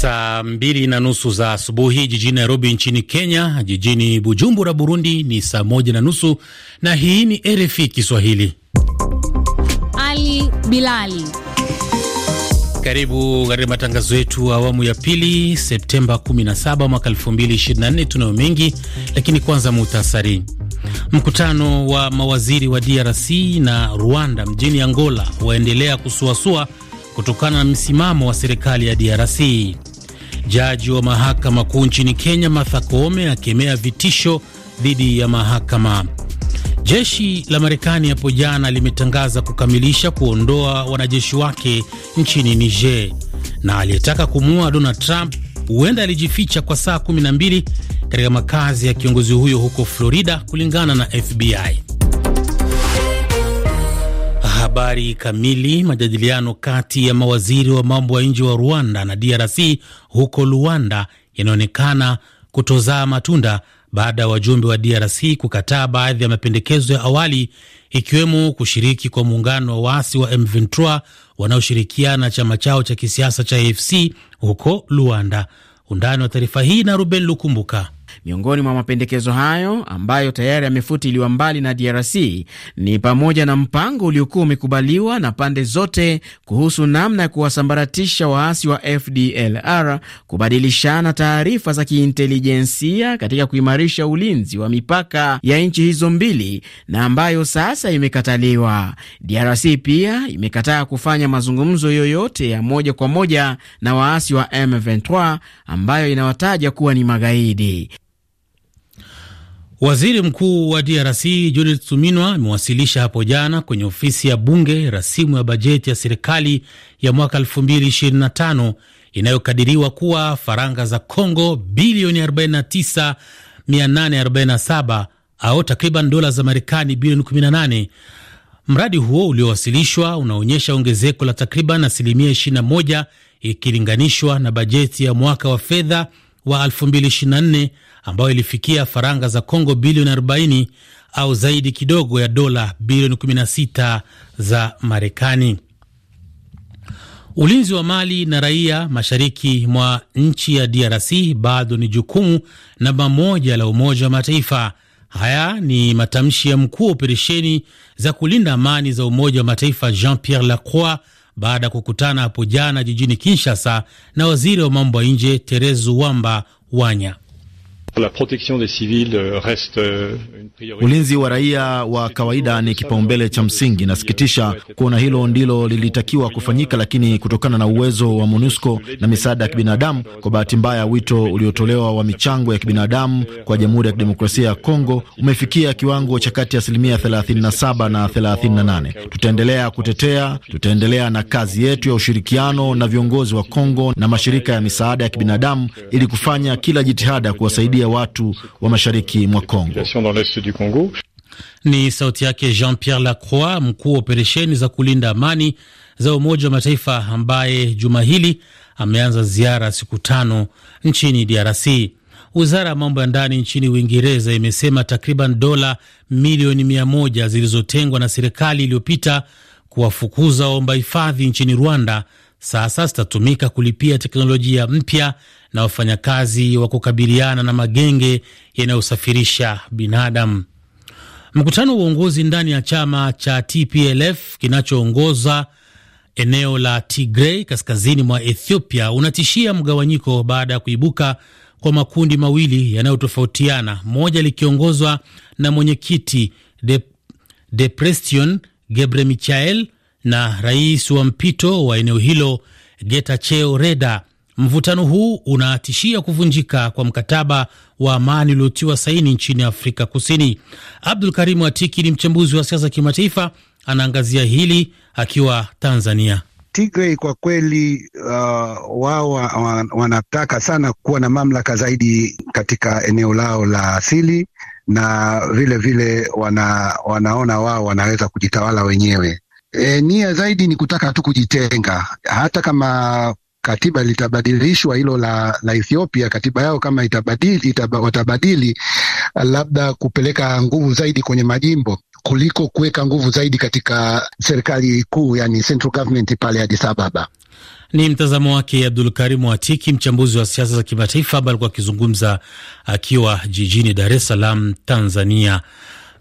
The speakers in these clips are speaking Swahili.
saa mbili na nusu za asubuhi jijini Nairobi nchini Kenya. Jijini Bujumbura Burundi ni saa moja na nusu na hii ni RFI Kiswahili. Ali Bilali, karibu katika matangazo yetu awamu ya pili, Septemba 17 mwaka 2024. Tunayo mengi, lakini kwanza muhtasari. Mkutano wa mawaziri wa DRC na Rwanda mjini Angola waendelea kusuasua kutokana na msimamo wa serikali ya DRC. Jaji wa mahakama kuu nchini Kenya Martha Koome akemea vitisho dhidi ya mahakama. Jeshi la Marekani hapo jana limetangaza kukamilisha kuondoa wanajeshi wake nchini Niger, na aliyetaka kumuua Donald Trump huenda alijificha kwa saa 12 katika makazi ya kiongozi huyo huko Florida, kulingana na FBI habari kamili. Majadiliano kati ya mawaziri wa mambo ya nje wa Rwanda na DRC huko Luanda yanaonekana kutozaa matunda baada ya wajumbe wa DRC kukataa baadhi ya mapendekezo ya awali ikiwemo kushiriki kwa muungano wa waasi wa M23 wanaoshirikiana na chama chao cha kisiasa cha AFC huko Luanda. Undani wa taarifa hii na Ruben Lukumbuka. Miongoni mwa mapendekezo hayo ambayo tayari yamefutiliwa mbali na DRC ni pamoja na mpango uliokuwa umekubaliwa na pande zote kuhusu namna ya kuwasambaratisha waasi wa FDLR, kubadilishana taarifa za kiintelijensia katika kuimarisha ulinzi wa mipaka ya nchi hizo mbili, na ambayo sasa imekataliwa. DRC pia imekataa kufanya mazungumzo yoyote ya moja kwa moja na waasi wa M23 ambayo inawataja kuwa ni magaidi. Waziri Mkuu wa DRC Judith Suminwa amewasilisha hapo jana kwenye ofisi ya bunge rasimu ya bajeti ya serikali ya mwaka 2025 inayokadiriwa kuwa faranga za Congo bilioni 49847 au takriban dola za Marekani bilioni 18. Mradi huo uliowasilishwa unaonyesha ongezeko la takriban asilimia 21 ikilinganishwa na bajeti ya mwaka wa fedha wa 2024 ambayo ilifikia faranga za congo bilioni 40 au zaidi kidogo ya dola bilioni 16 za Marekani. Ulinzi wa mali na raia mashariki mwa nchi ya DRC bado ni jukumu namba moja la Umoja wa Mataifa. Haya ni matamshi ya mkuu wa operesheni za kulinda amani za Umoja wa Mataifa Jean Pierre Lacroix baada ya kukutana hapo jana jijini Kinshasa na waziri wa mambo ya nje Therese Wamba Wanya. Euh, euh, Ulinzi wa raia wa kawaida ni kipaumbele cha msingi. inasikitisha kuona hilo ndilo lilitakiwa kufanyika, lakini kutokana na uwezo wa MONUSCO na misaada ya kibinadamu, kwa bahati mbaya, wito uliotolewa wa michango ya kibinadamu kwa Jamhuri ya Kidemokrasia ya Kongo umefikia kiwango cha kati ya asilimia 37 na 38. Tutaendelea kutetea, tutaendelea na kazi yetu ya ushirikiano na viongozi wa Kongo na mashirika ya misaada ya kibinadamu ili kufanya kila jitihada kuwasaidia watu wa mashariki mwa Kongo. Ni sauti yake Jean Pierre Lacroix, mkuu wa operesheni za kulinda amani za Umoja wa Mataifa, ambaye juma hili ameanza ziara siku tano nchini DRC. Wizara ya mambo ya ndani nchini Uingereza imesema takriban dola milioni mia moja zilizotengwa na serikali iliyopita kuwafukuza waomba hifadhi nchini Rwanda sasa zitatumika kulipia teknolojia mpya na wafanyakazi wa kukabiliana na magenge yanayosafirisha binadamu. Mkutano wa uongozi ndani ya chama cha TPLF kinachoongoza eneo la Tigray kaskazini mwa Ethiopia unatishia mgawanyiko baada ya kuibuka kwa makundi mawili yanayotofautiana, moja likiongozwa na mwenyekiti Depression Gebremichael na rais wa mpito wa eneo hilo Getachew Reda. Mvutano huu unatishia kuvunjika kwa mkataba wa amani uliotiwa saini nchini Afrika Kusini. Abdul Karimu Atiki ni mchambuzi wa siasa kimataifa, anaangazia hili akiwa Tanzania. Tigray kwa kweli uh, wao wanataka sana kuwa na mamlaka zaidi katika eneo lao la asili na vile vile wana, wanaona wao wanaweza kujitawala wenyewe E, nia zaidi ni kutaka tu kujitenga, hata kama katiba litabadilishwa hilo la, la Ethiopia katiba yao kama itabadili, itaba, watabadili labda kupeleka nguvu zaidi kwenye majimbo kuliko kuweka nguvu zaidi katika serikali kuu, yani central government pale Addis Ababa. Ni mtazamo wake Abdul Karimu Atiki, mchambuzi wa siasa za kimataifa, ambaye alikuwa akizungumza akiwa jijini Dar es Salaam, Tanzania.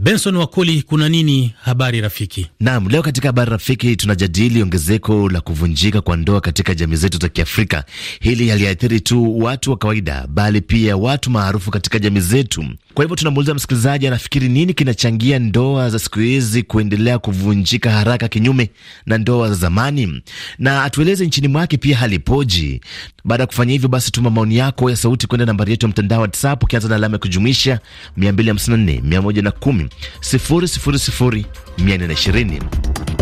Benson Wakoli, kuna nini habari rafiki? Naam, leo katika habari rafiki tunajadili ongezeko la kuvunjika kwa ndoa katika jamii zetu za Kiafrika. Hili haliathiri tu watu wa kawaida, bali pia watu maarufu katika jamii zetu. Kwa hivyo tunamuuliza msikilizaji, anafikiri nini kinachangia ndoa za siku hizi kuendelea kuvunjika haraka, kinyume na ndoa za zamani, na atueleze nchini mwake pia halipoji. Baada ya kufanya hivyo, basi tuma maoni yako ya sauti kwenda nambari yetu ya mtandao WhatsApp ukianza na alama ya kujumuisha 254 110 000 420.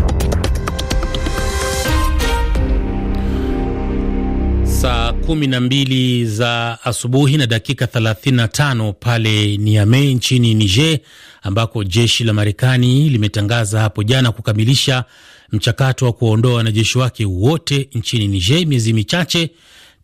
kumi na mbili za asubuhi na dakika 35 pale Niamey nchini Niger, ambako jeshi la Marekani limetangaza hapo jana kukamilisha mchakato wa kuwaondoa wanajeshi wake wote nchini Niger, miezi michache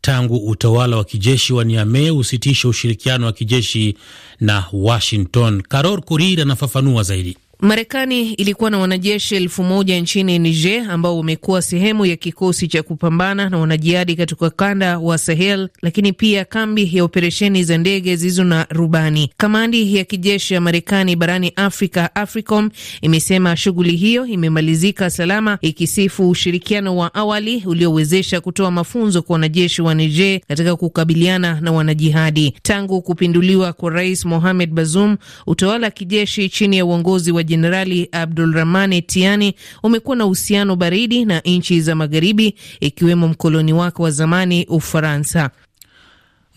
tangu utawala wa kijeshi wa Niamey usitishe ushirikiano wa kijeshi na Washington. Carol Kurir anafafanua zaidi. Marekani ilikuwa na wanajeshi elfu moja nchini Niger ambao wamekuwa sehemu ya kikosi cha kupambana na wanajihadi katika kanda wa Sahel, lakini pia kambi ya operesheni za ndege zilizo na rubani. Kamandi ya kijeshi ya Marekani barani Afrika, AFRICOM, imesema shughuli hiyo imemalizika salama, ikisifu ushirikiano wa awali uliowezesha kutoa mafunzo kwa wanajeshi wa Niger katika kukabiliana na wanajihadi. Tangu kupinduliwa kwa Rais Mohamed Bazoum, utawala wa kijeshi chini ya uongozi wa Jenerali Abdulrahmane Tiani umekuwa na uhusiano baridi na nchi za Magharibi, ikiwemo mkoloni wake wa zamani Ufaransa.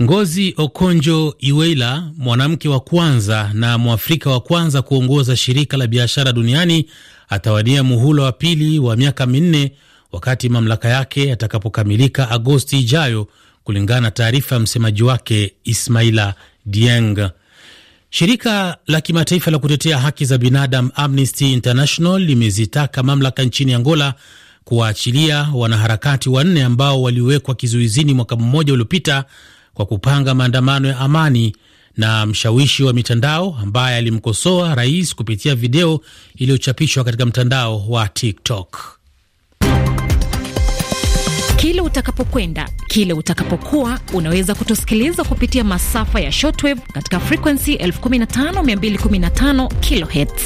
Ngozi Okonjo iweila mwanamke wa kwanza na mwafrika wa kwanza kuongoza shirika la biashara duniani, atawania muhula wa pili wa miaka minne wakati mamlaka yake yatakapokamilika Agosti ijayo, kulingana na taarifa ya msemaji wake Ismaila Dieng. Shirika la kimataifa la kutetea haki za binadamu Amnesty International limezitaka mamlaka nchini Angola kuwaachilia wanaharakati wanne ambao waliwekwa kizuizini mwaka mmoja uliopita kwa kupanga maandamano ya amani na mshawishi wa mitandao ambaye alimkosoa rais kupitia video iliyochapishwa katika mtandao wa TikTok kile utakapokwenda, kile utakapokuwa, unaweza kutusikiliza kupitia masafa ya shortwave katika frequency 15215 kilohertz.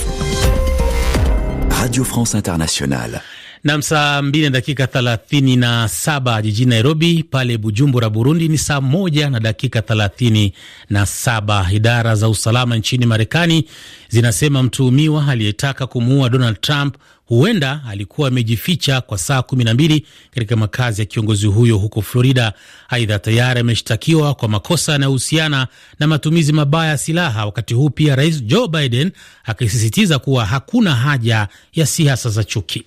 Radio France Internationale. Nam, saa mbili na dakika thelathini na saba jijini Nairobi. Pale Bujumbura, Burundi ni saa moja na dakika thelathini na saba. Idara za usalama nchini Marekani zinasema mtuhumiwa aliyetaka kumuua Donald Trump huenda alikuwa amejificha kwa saa mbili katika makazi ya kiongozi huyo huko Florida. Aidha, tayari ameshtakiwa kwa makosa yanayohusiana na matumizi mabaya ya silaha, wakati huu pia Rais Joe Biden akisisitiza kuwa hakuna haja ya siasa za chuki.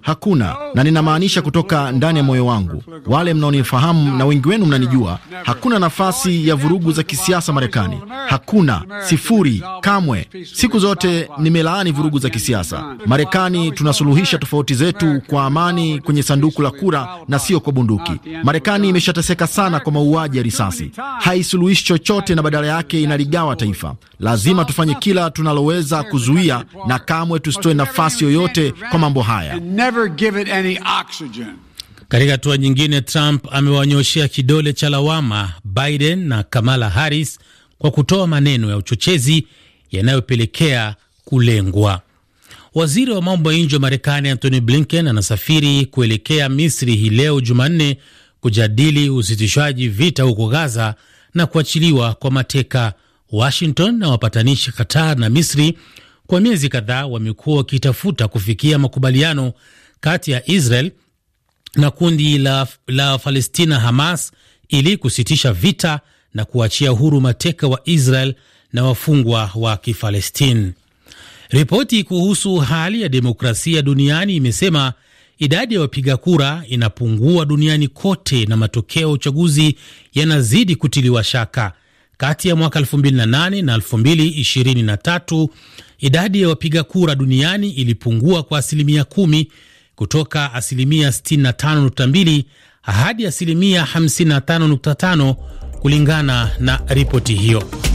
Hakuna, na ninamaanisha kutoka ndani ya moyo wangu, wale mnaonifahamu na wengi wenu mnanijua, hakuna nafasi ya vurugu za kisiasa Marekani. Hakuna, sifuri, kamwe. Siku zote nimelaani vurugu za kisiasa Marekani. Tunasuluhisha tofauti zetu kwa amani kwenye sanduku la kura na sio kwa bunduki. Marekani imeshateseka sana kwa mauaji ya risasi, haisuluhishi chochote na badala yake inaligawa taifa. Lazima tufanye kila tunaloweza kuzu kuzuia, na kamwe tusitoe nafasi yoyote kwa mambo haya. Katika hatua nyingine, Trump amewanyoshea kidole cha lawama Biden na Kamala Harris kwa kutoa maneno ya uchochezi yanayopelekea kulengwa. Waziri wa mambo ya nje wa Marekani Antony Blinken anasafiri kuelekea Misri hii leo Jumanne kujadili usitishwaji vita huko Gaza na kuachiliwa kwa mateka. Washington na wapatanishi Qatar na Misri kwa miezi kadhaa wamekuwa wakitafuta kufikia makubaliano kati ya Israel na kundi la, la Falestina Hamas ili kusitisha vita na kuachia huru mateka wa Israel na wafungwa wa Kifalestini. Ripoti kuhusu hali ya demokrasia duniani imesema idadi ya wapiga kura inapungua duniani kote na matokeo ya uchaguzi yanazidi kutiliwa shaka. Kati ya mwaka 2008 na 2023 idadi ya wapiga kura duniani ilipungua kwa asilimia kumi kutoka asilimia 65.2 hadi asilimia 55.5 kulingana na ripoti hiyo.